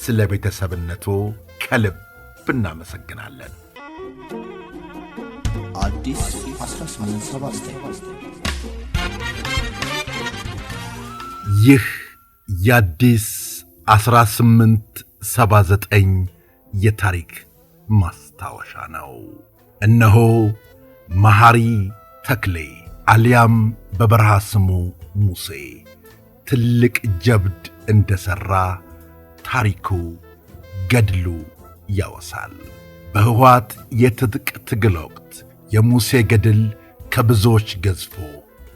ስለ ቤተሰብነቱ ከልብ እናመሰግናለን። ይህ የአዲስ 1879 የታሪክ ማስታወሻ ነው። እነሆ መሐሪ ተክሌ አሊያም በበረሃ ስሙ ሙሴ ትልቅ ጀብድ ሠራ ታሪኩ ገድሉ ያወሳል። በህወሓት የትጥቅ ትግል ወቅት የሙሴ ገድል ከብዙዎች ገዝፎ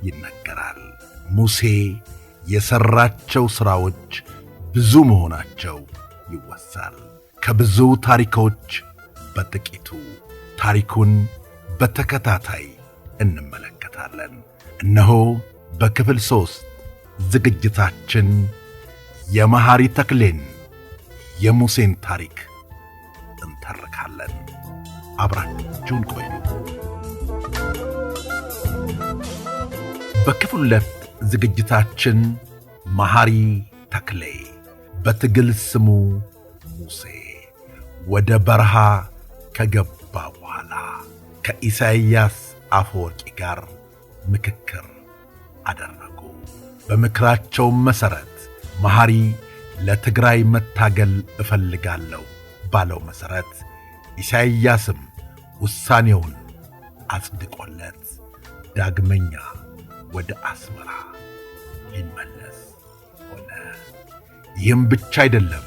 ይነገራል። ሙሴ የሠራቸው ሥራዎች ብዙ መሆናቸው ይወሳል። ከብዙ ታሪኮች በጥቂቱ ታሪኩን በተከታታይ እንመለከታለን። እነሆ በክፍል ሦስት ዝግጅታችን የመሐሪ ተክሌን የሙሴን ታሪክ እንተርካለን። አብራችሁን ቆዩ። በክፍል ሁለት ዝግጅታችን መሐሪ ተክሌ በትግል ስሙ ሙሴ ወደ በረሃ ከገባ በኋላ ከኢሳይያስ አፈወርቂ ጋር ምክክር አደረጉ። በምክራቸው መሠረት መሐሪ ለትግራይ መታገል እፈልጋለሁ ባለው መሠረት ኢሳይያስም ውሳኔውን አጽድቆለት ዳግመኛ ወደ አስመራ ሊመለስ ሆነ። ይህም ብቻ አይደለም።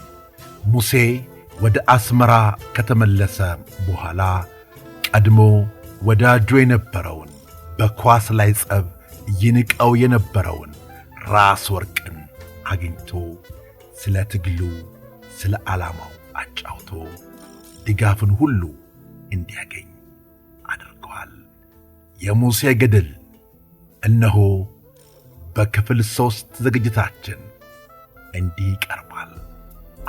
ሙሴ ወደ አስመራ ከተመለሰ በኋላ ቀድሞ ወዳጁ የነበረውን በኳስ ላይ ጸብ ይንቀው የነበረውን ራስ ወርቅን አግኝቶ ስለ ትግሉ፣ ስለ ዓላማው አጫውቶ ድጋፍን ሁሉ እንዲያገኝ አድርገዋል። የሙሴ ገድል እነሆ በክፍል ሦስት ዝግጅታችን እንዲህ ይቀርባል።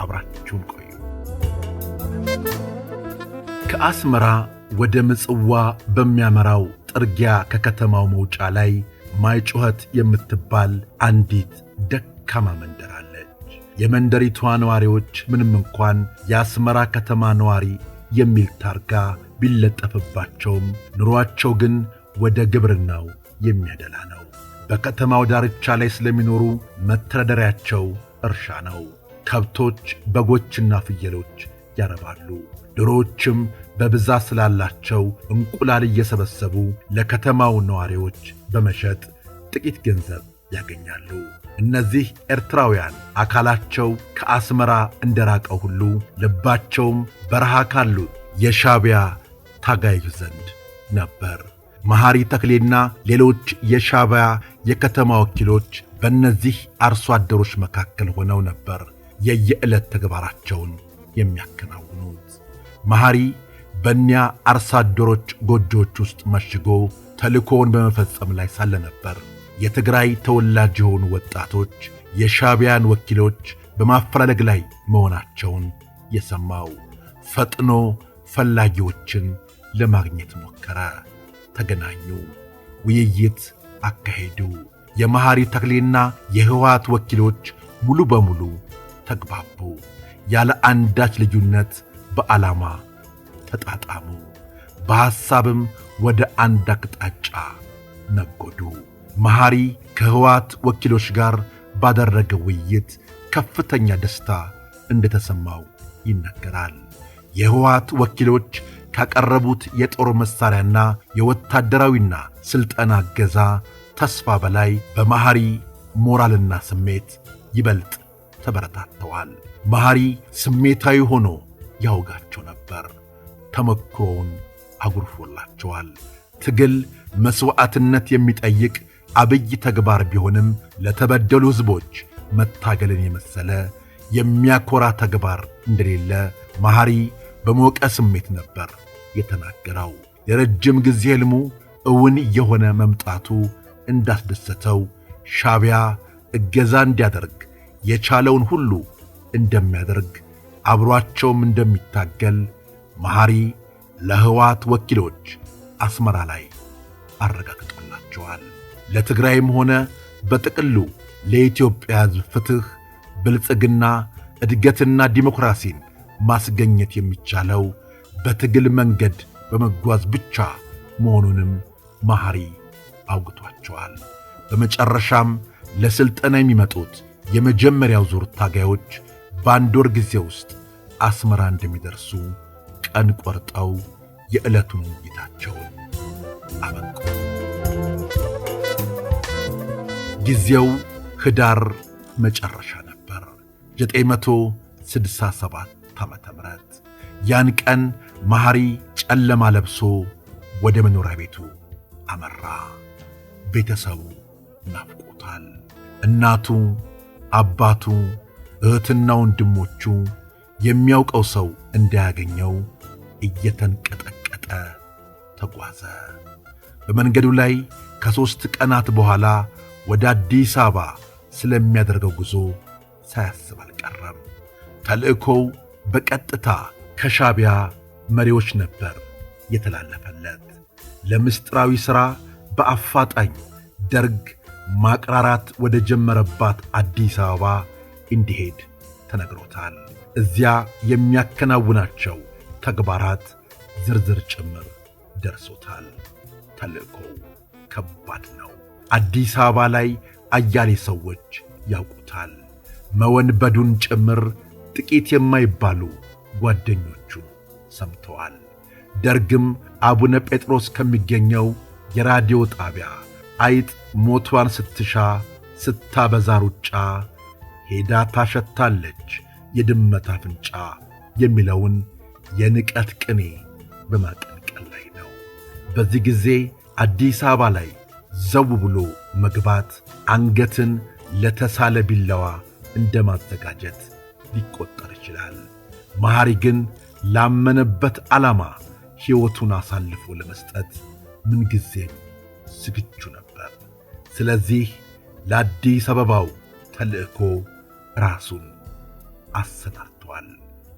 አብራችሁን ቆዩ። ከአስመራ ወደ ምጽዋ በሚያመራው ጥርጊያ ከከተማው መውጫ ላይ ማይጩኸት የምትባል አንዲት ደካማ መንደር የመንደሪቷ ነዋሪዎች ምንም እንኳን የአስመራ ከተማ ነዋሪ የሚል ታርጋ ቢለጠፍባቸውም ኑሮአቸው ግን ወደ ግብርናው የሚያደላ ነው። በከተማው ዳርቻ ላይ ስለሚኖሩ መተዳደሪያቸው እርሻ ነው። ከብቶች በጎችና ፍየሎች ያረባሉ። ዶሮዎችም በብዛት ስላላቸው እንቁላል እየሰበሰቡ ለከተማው ነዋሪዎች በመሸጥ ጥቂት ገንዘብ ያገኛሉ። እነዚህ ኤርትራውያን አካላቸው ከአስመራ እንደራቀ ሁሉ ልባቸውም በረሃ ካሉት የሻቢያ ታጋዮች ዘንድ ነበር። መሐሪ ተክሌና ሌሎች የሻቢያ የከተማ ወኪሎች በእነዚህ አርሶ አደሮች መካከል ሆነው ነበር የየዕለት ተግባራቸውን የሚያከናውኑት። መሐሪ በእኒያ አርሶ አደሮች ጎጆዎች ውስጥ መሽጎ ተልእኮውን በመፈጸም ላይ ሳለ ነበር የትግራይ ተወላጅ የሆኑ ወጣቶች የሻቢያን ወኪሎች በማፈላለግ ላይ መሆናቸውን የሰማው ፈጥኖ ፈላጊዎችን ለማግኘት ሞከረ። ተገናኙ፣ ውይይት አካሄዱ። የመሐሪ ተክሌና የህወሓት ወኪሎች ሙሉ በሙሉ ተግባቡ። ያለ አንዳች ልዩነት በዓላማ ተጣጣሙ። በሐሳብም ወደ አንድ አቅጣጫ ነጎዱ። መሐሪ ከህወሓት ወኪሎች ጋር ባደረገው ውይይት ከፍተኛ ደስታ እንደተሰማው ይነገራል። የህወሓት ወኪሎች ካቀረቡት የጦር መሣሪያና የወታደራዊና ሥልጠና እገዛ ተስፋ በላይ በመሐሪ ሞራልና ስሜት ይበልጥ ተበረታተዋል። መሐሪ ስሜታዊ ሆኖ ያውጋቸው ነበር። ተመክሮውን አጉርፎላቸዋል። ትግል መሥዋዕትነት የሚጠይቅ አብይ ተግባር ቢሆንም ለተበደሉ ሕዝቦች መታገልን የመሰለ የሚያኮራ ተግባር እንደሌለ መሐሪ በሞቀ ስሜት ነበር የተናገረው። የረጅም ጊዜ ሕልሙ እውን የሆነ መምጣቱ እንዳስደሰተው ሻቢያ እገዛ እንዲያደርግ የቻለውን ሁሉ እንደሚያደርግ አብሯቸውም እንደሚታገል መሐሪ ለሕወሓት ወኪሎች አስመራ ላይ አረጋግጦላቸዋል። ለትግራይም ሆነ በጥቅሉ ለኢትዮጵያ ሕዝብ ፍትሕ፣ ብልጽግና፣ እድገትና ዲሞክራሲን ማስገኘት የሚቻለው በትግል መንገድ በመጓዝ ብቻ መሆኑንም መሐሪ አውግቷቸዋል። በመጨረሻም ለሥልጠና የሚመጡት የመጀመሪያው ዙር ታጋዮች በአንድ ወር ጊዜ ውስጥ አስመራ እንደሚደርሱ ቀን ቆርጠው የዕለቱን ውይይታቸውን አበቁ። ጊዜው ህዳር መጨረሻ ነበር 967 ዓ ም ያን ቀን መሐሪ ጨለማ ለብሶ ወደ መኖሪያ ቤቱ አመራ። ቤተሰቡ ናፍቆታል። እናቱ፣ አባቱ፣ እህትና ወንድሞቹ የሚያውቀው ሰው እንዳያገኘው እየተንቀጠቀጠ ተጓዘ። በመንገዱ ላይ ከሦስት ቀናት በኋላ ወደ አዲስ አበባ ስለሚያደርገው ጉዞ ሳያስብ አልቀረም። ተልእኮው በቀጥታ ከሻቢያ መሪዎች ነበር የተላለፈለት። ለምስጢራዊ ሥራ በአፋጣኝ ደርግ ማቅራራት ወደ ጀመረባት አዲስ አበባ እንዲሄድ ተነግሮታል። እዚያ የሚያከናውናቸው ተግባራት ዝርዝር ጭምር ደርሶታል። ተልእኮው ከባድ ነው። አዲስ አበባ ላይ አያሌ ሰዎች ያውቁታል። መወንበዱን ጭምር ጥቂት የማይባሉ ጓደኞቹ ሰምተዋል። ደርግም አቡነ ጴጥሮስ ከሚገኘው የራዲዮ ጣቢያ አይጥ ሞቷን ስትሻ ስታበዛ ሩጫ ሄዳ ታሸታለች የድመት አፍንጫ የሚለውን የንቀት ቅኔ በማቀንቀን ላይ ነው። በዚህ ጊዜ አዲስ አበባ ላይ ዘው ብሎ መግባት አንገትን ለተሳለ ቢላዋ እንደ ማዘጋጀት ሊቆጠር ይችላል። መሐሪ ግን ላመነበት ዓላማ ሕይወቱን አሳልፎ ለመስጠት ምንጊዜም ዝግጁ ነበር። ስለዚህ ለአዲስ አበባው ተልእኮ ራሱን አሰናድተዋል።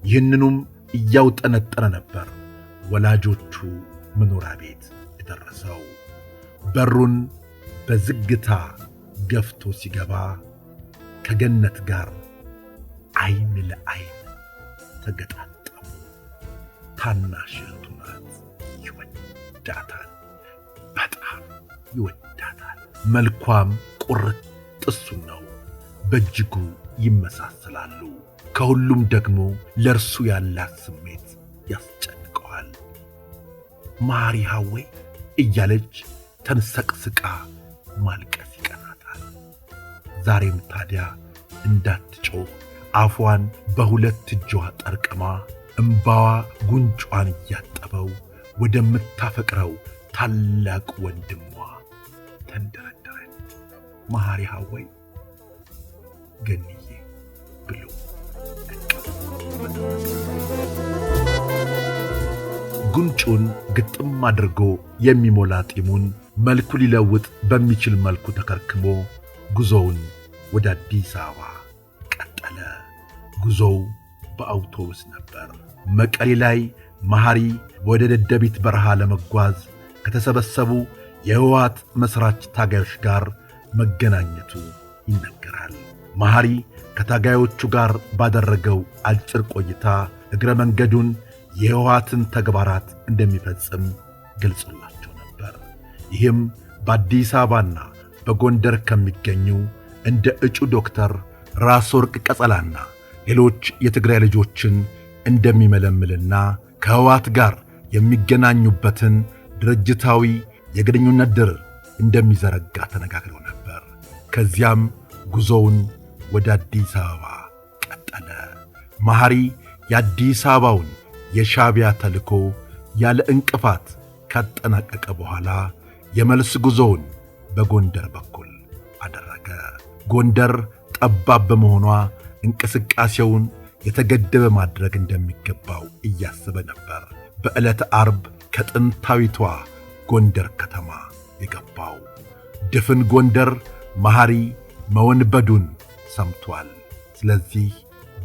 ይህንኑም እያውጠነጠነ ነበር ወላጆቹ መኖሪያ ቤት የደረሰው። በሩን በዝግታ ገፍቶ ሲገባ ከገነት ጋር አይን ለአይን ተገጣጠሙ። ታናሽ እህቱ ናት። ይወዳታል፣ በጣም ይወዳታል። መልኳም ቁርጥ ጥሱን ነው፣ በእጅጉ ይመሳሰላሉ። ከሁሉም ደግሞ ለእርሱ ያላት ስሜት ያስጨንቀዋል። ማሪ ሐዌ እያለች ተንሰቅስቃ ማልቀስ ይቀናታል። ዛሬም ታዲያ እንዳትጮህ አፏን በሁለት እጇ ጠርቅማ እምባዋ ጉንጯን እያጠበው ወደምታፈቅረው ታላቅ ወንድሟ ተንደረደረች። መሐሪ ሐወይ ገንዬ ብሎ ጉንጩን ግጥም አድርጎ የሚሞላ ጢሙን መልኩ ሊለውጥ በሚችል መልኩ ተከርክሞ ጉዞውን ወደ አዲስ አበባ ቀጠለ። ጉዞው በአውቶቡስ ነበር። መቀሌ ላይ መሐሪ ወደ ደደቢት በረሃ ለመጓዝ ከተሰበሰቡ የህወሓት መሥራች ታጋዮች ጋር መገናኘቱ ይነገራል። መሐሪ ከታጋዮቹ ጋር ባደረገው አጭር ቆይታ እግረ መንገዱን የህወሓትን ተግባራት እንደሚፈጽም ገልጾላቸው ነበር። ይህም በአዲስ አበባና በጎንደር ከሚገኙ እንደ እጩ ዶክተር ራስ ወርቅ ቀጸላና ሌሎች የትግራይ ልጆችን እንደሚመለምልና ከህወሓት ጋር የሚገናኙበትን ድርጅታዊ የግንኙነት ድር እንደሚዘረጋ ተነጋግረው ነበር። ከዚያም ጉዞውን ወደ አዲስ አበባ ቀጠለ። መሐሪ የአዲስ አበባውን የሻቢያ ተልኮ ያለ እንቅፋት ካጠናቀቀ በኋላ የመልስ ጉዞውን በጎንደር በኩል አደረገ። ጎንደር ጠባብ በመሆኗ እንቅስቃሴውን የተገደበ ማድረግ እንደሚገባው እያሰበ ነበር። በዕለተ ዓርብ ከጥንታዊቷ ጎንደር ከተማ የገባው ድፍን ጎንደር መሐሪ መወንበዱን ሰምቷል። ስለዚህ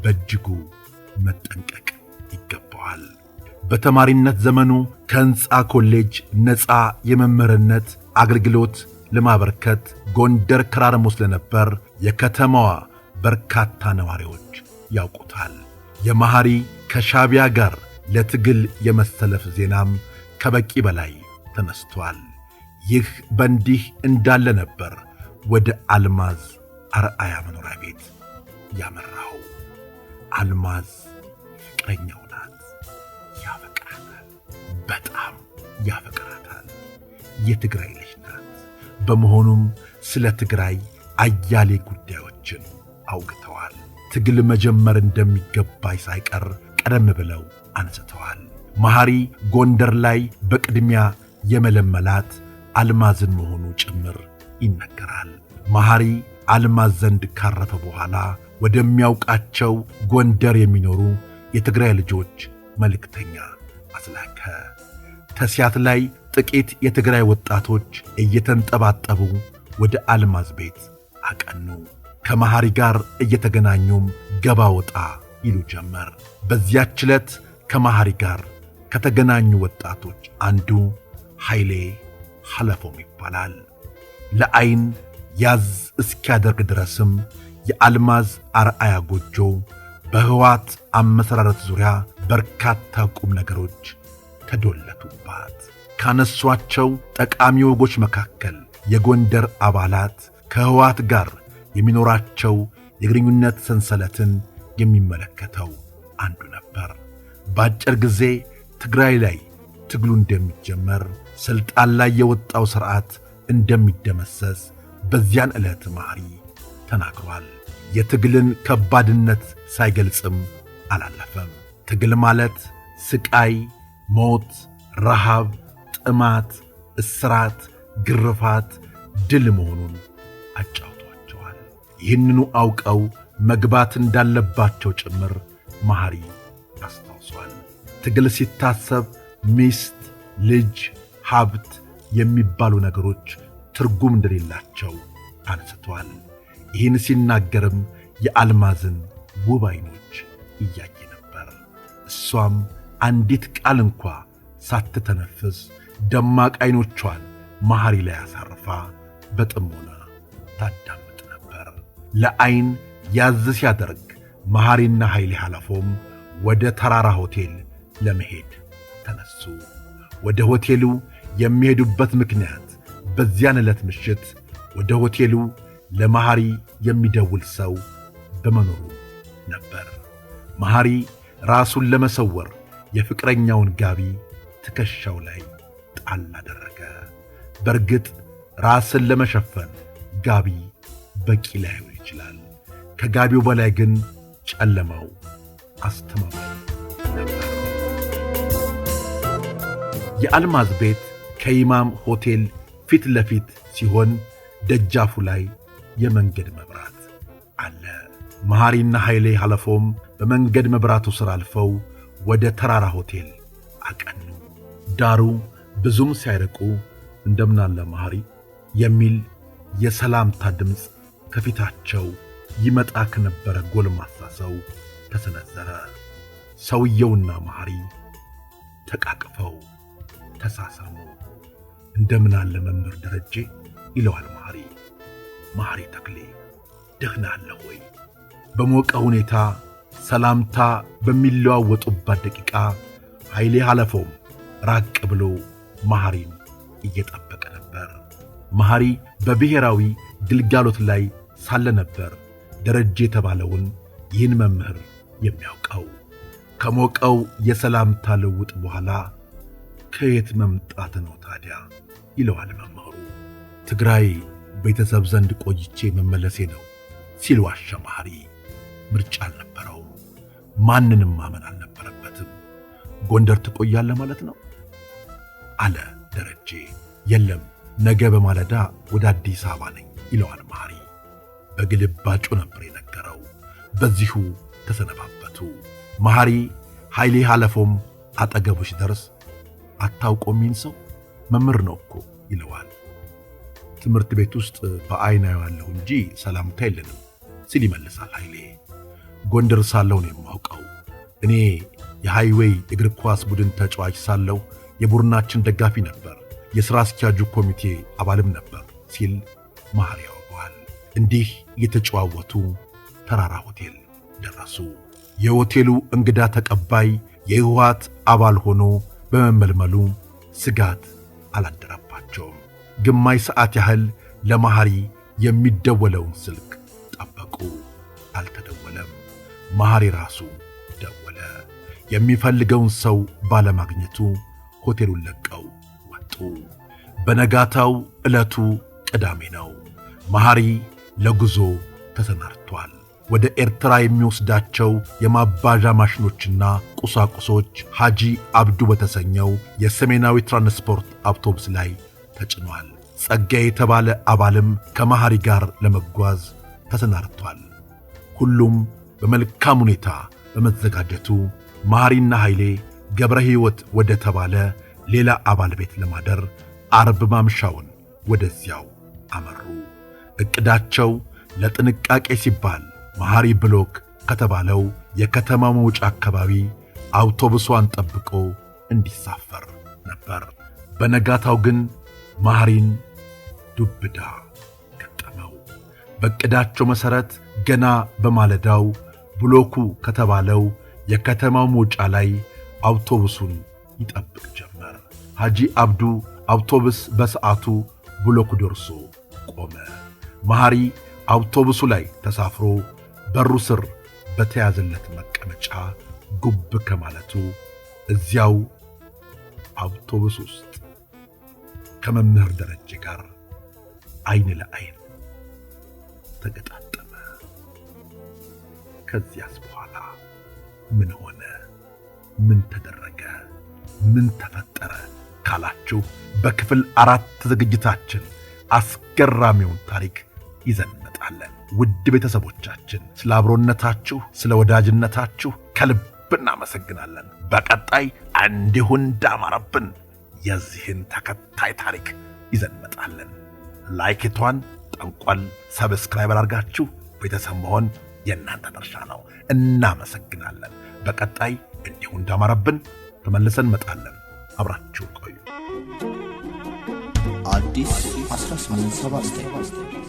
በእጅጉ መጠንቀቅ ይገባዋል። በተማሪነት ዘመኑ ከሕንፃ ኮሌጅ ነፃ የመምህርነት አገልግሎት ለማበርከት ጎንደር ከራርሞ ስለነበር የከተማዋ በርካታ ነዋሪዎች ያውቁታል። የመሐሪ ከሻቢያ ጋር ለትግል የመሰለፍ ዜናም ከበቂ በላይ ተነስቷል። ይህ በእንዲህ እንዳለ ነበር ወደ አልማዝ አርአያ መኖሪያ ቤት ያመራው። አልማዝ ፍቅረኛው ናት። ያፈቅራታል፣ በጣም ያፈቅራታል። የትግራይ ልጅ ናት። በመሆኑም ስለ ትግራይ አያሌ ጉዳዮችን አውግተዋል። ትግል መጀመር እንደሚገባይ ሳይቀር ቀደም ብለው አንስተዋል። መሐሪ ጎንደር ላይ በቅድሚያ የመለመላት አልማዝን መሆኑ ጭምር ይነገራል። መሐሪ አልማዝ ዘንድ ካረፈ በኋላ ወደሚያውቃቸው ጎንደር የሚኖሩ የትግራይ ልጆች መልእክተኛ አስላከ። ተስያት ላይ ጥቂት የትግራይ ወጣቶች እየተንጠባጠቡ ወደ አልማዝ ቤት አቀኑ። ከመሐሪ ጋር እየተገናኙም ገባ ወጣ ይሉ ጀመር። በዚያች ዕለት ከመሐሪ ጋር ከተገናኙ ወጣቶች አንዱ ኃይሌ ሐለፎም ይባላል። ለዐይን ያዝ እስኪያደርግ ድረስም የአልማዝ አርአያ ጎጆ በህወሓት አመሰራረት ዙሪያ በርካታ ቁም ነገሮች ተዶለቱባት። ካነሷቸው ጠቃሚ ወጎች መካከል የጎንደር አባላት ከህወሓት ጋር የሚኖራቸው የግንኙነት ሰንሰለትን የሚመለከተው አንዱ ነበር። በአጭር ጊዜ ትግራይ ላይ ትግሉ እንደሚጀመር፣ ስልጣን ላይ የወጣው ሥርዓት እንደሚደመሰስ በዚያን ዕለት መሐሪ ተናግሯል። የትግልን ከባድነት ሳይገልጽም አላለፈም። ትግል ማለት ስቃይ፣ ሞት፣ ረሃብ፣ ጥማት፣ እስራት፣ ግርፋት፣ ድል መሆኑን አጫውቷቸዋል። ይህንኑ አውቀው መግባት እንዳለባቸው ጭምር መሐሪ አስታውሷል። ትግል ሲታሰብ ሚስት፣ ልጅ፣ ሀብት የሚባሉ ነገሮች ትርጉም እንደሌላቸው አንስቷል። ይህን ሲናገርም የአልማዝን ውብ ዓይኖች እያየ ነበር። እሷም አንዲት ቃል እንኳ ሳትተነፍስ ደማቅ ዓይኖቿን መሐሪ ላይ አሳርፋ በጥሞና ታዳምጥ ነበር። ለዐይን ያዝ ሲያደርግ መሐሪና ኃይሌ ኃላፎም ወደ ተራራ ሆቴል ለመሄድ ተነሱ። ወደ ሆቴሉ የሚሄዱበት ምክንያት በዚያን ዕለት ምሽት ወደ ሆቴሉ ለመሐሪ የሚደውል ሰው በመኖሩ ነበር። መሐሪ ራሱን ለመሰወር የፍቅረኛውን ጋቢ ትከሻው ላይ ጣል አደረገ። በእርግጥ ራስን ለመሸፈን ጋቢ በቂ ላይሆን ይችላል። ከጋቢው በላይ ግን ጨለማው አስተማማኝ የአልማዝ ቤት ከኢማም ሆቴል ፊት ለፊት ሲሆን ደጃፉ ላይ የመንገድ መብራት አለ። መሐሪና ኃይሌ ሐለፎም በመንገድ መብራቱ ሥር አልፈው ወደ ተራራ ሆቴል አቀኑ። ዳሩ ብዙም ሳይርቁ እንደምናለ መሐሪ የሚል የሰላምታ ድምፅ ከፊታቸው ይመጣ ከነበረ ጎልማሳ ሰው ተሰነዘረ። ሰውየውና መሐሪ ተቃቅፈው ተሳሳሙ። እንደምን አለ መምህር ደረጄ ይለዋል መሐሪ። መሐሪ ተክሌ ደህና አለ ወይ። በሞቀ ሁኔታ ሰላምታ በሚለዋወጡባት ደቂቃ ኃይሌ ሐለፎም ራቅ ብሎ መሐሪን እየጠበቀ ነበር። መሐሪ በብሔራዊ ግልጋሎት ላይ ሳለ ነበር ደረጀ የተባለውን ይህን መምህር የሚያውቀው። ከሞቀው የሰላምታ ልውጥ በኋላ ከየት መምጣት ነው ታዲያ ይለዋል መምህሩ። ትግራይ ቤተሰብ ዘንድ ቆይቼ መመለሴ ነው ሲል ዋሸ መሐሪ። ምርጫ አልነበረው ማንንም ማመን አልነበረበትም። ጎንደር ትቆያለ ማለት ነው አለ ደረጄ። የለም ነገ በማለዳ ወደ አዲስ አበባ ነኝ ይለዋል መሐሪ። በግልባጩ ነበር የነገረው። በዚሁ ተሰነባበቱ። መሐሪ ኃይሌ ሐለፎም አጠገቦች ደርስ አታውቆ ይህን ሰው መምህር ነው እኮ ይለዋል። ትምህርት ቤት ውስጥ በአይና ያለሁ እንጂ ሰላምታ የለንም ሲል ይመልሳል ኃይሌ። ጎንደር ሳለሁ ነው የማውቀው። እኔ የሃይዌይ እግር ኳስ ቡድን ተጫዋች ሳለሁ የቡድናችን ደጋፊ ነበር፣ የሥራ አስኪያጁ ኮሚቴ አባልም ነበር ሲል መሐሪ ያወገዋል። እንዲህ የተጨዋወቱ ተራራ ሆቴል ደረሱ። የሆቴሉ እንግዳ ተቀባይ የህወሓት አባል ሆኖ በመመልመሉ ስጋት አላደረባቸውም። ግማሽ ሰዓት ያህል ለመሐሪ የሚደወለውን ስልክ ጠበቁ። አልተደወለም። መሐሪ ራሱ ደወለ። የሚፈልገውን ሰው ባለማግኘቱ ሆቴሉን ለቀው ወጡ። በነጋታው ዕለቱ ቅዳሜ ነው። መሐሪ ለጉዞ ተሰናድቷል። ወደ ኤርትራ የሚወስዳቸው የማባዣ ማሽኖችና ቁሳቁሶች ሐጂ አብዱ በተሰኘው የሰሜናዊ ትራንስፖርት አውቶቡስ ላይ ተጭኗል። ጸጋ የተባለ አባልም ከመሐሪ ጋር ለመጓዝ ተሰናድቷል። ሁሉም በመልካም ሁኔታ በመዘጋጀቱ መሐሪና ኃይሌ ገብረ ሕይወት ወደ ተባለ ሌላ አባል ቤት ለማደር አርብ ማምሻውን ወደዚያው አመሩ። እቅዳቸው ለጥንቃቄ ሲባል መሐሪ ብሎክ ከተባለው የከተማ መውጫ አካባቢ አውቶቡሷን ጠብቆ እንዲሳፈር ነበር። በነጋታው ግን መሐሪን ዱብዳ ገጠመው። በቅዳቸው መሠረት ገና በማለዳው ብሎኩ ከተባለው የከተማው መውጫ ላይ አውቶቡሱን ይጠብቅ ጀመር። ሐጂ አብዱ አውቶቡስ በሰዓቱ ብሎኩ ደርሶ ቆመ። መሐሪ አውቶቡሱ ላይ ተሳፍሮ በሩ ስር በተያዘለት መቀመጫ ጉብ ከማለቱ እዚያው አውቶቡስ ውስጥ ከመምህር ደረጀ ጋር ዐይን ለዐይን ተገጣጠመ። ከዚያስ በኋላ ምን ሆነ፣ ምን ተደረገ፣ ምን ተፈጠረ ካላችሁ በክፍል አራት ዝግጅታችን አስገራሚውን ታሪክ ይዘን እንመጣለን። ውድ ቤተሰቦቻችን ስለ አብሮነታችሁ፣ ስለ ወዳጅነታችሁ ከልብ እናመሰግናለን። በቀጣይ እንዲሁ እንዳማረብን የዚህን ተከታይ ታሪክ ይዘን እንመጣለን። ላይክቷን ጠንቋል፣ ሰብስክራይብ አድርጋችሁ ቤተሰብ መሆን የእናንተ ድርሻ ነው። እናመሰግናለን። በቀጣይ እንዲሁ እንዳማረብን ተመልሰን እንመጣለን። አብራችሁ ቆዩ። አዲስ 1879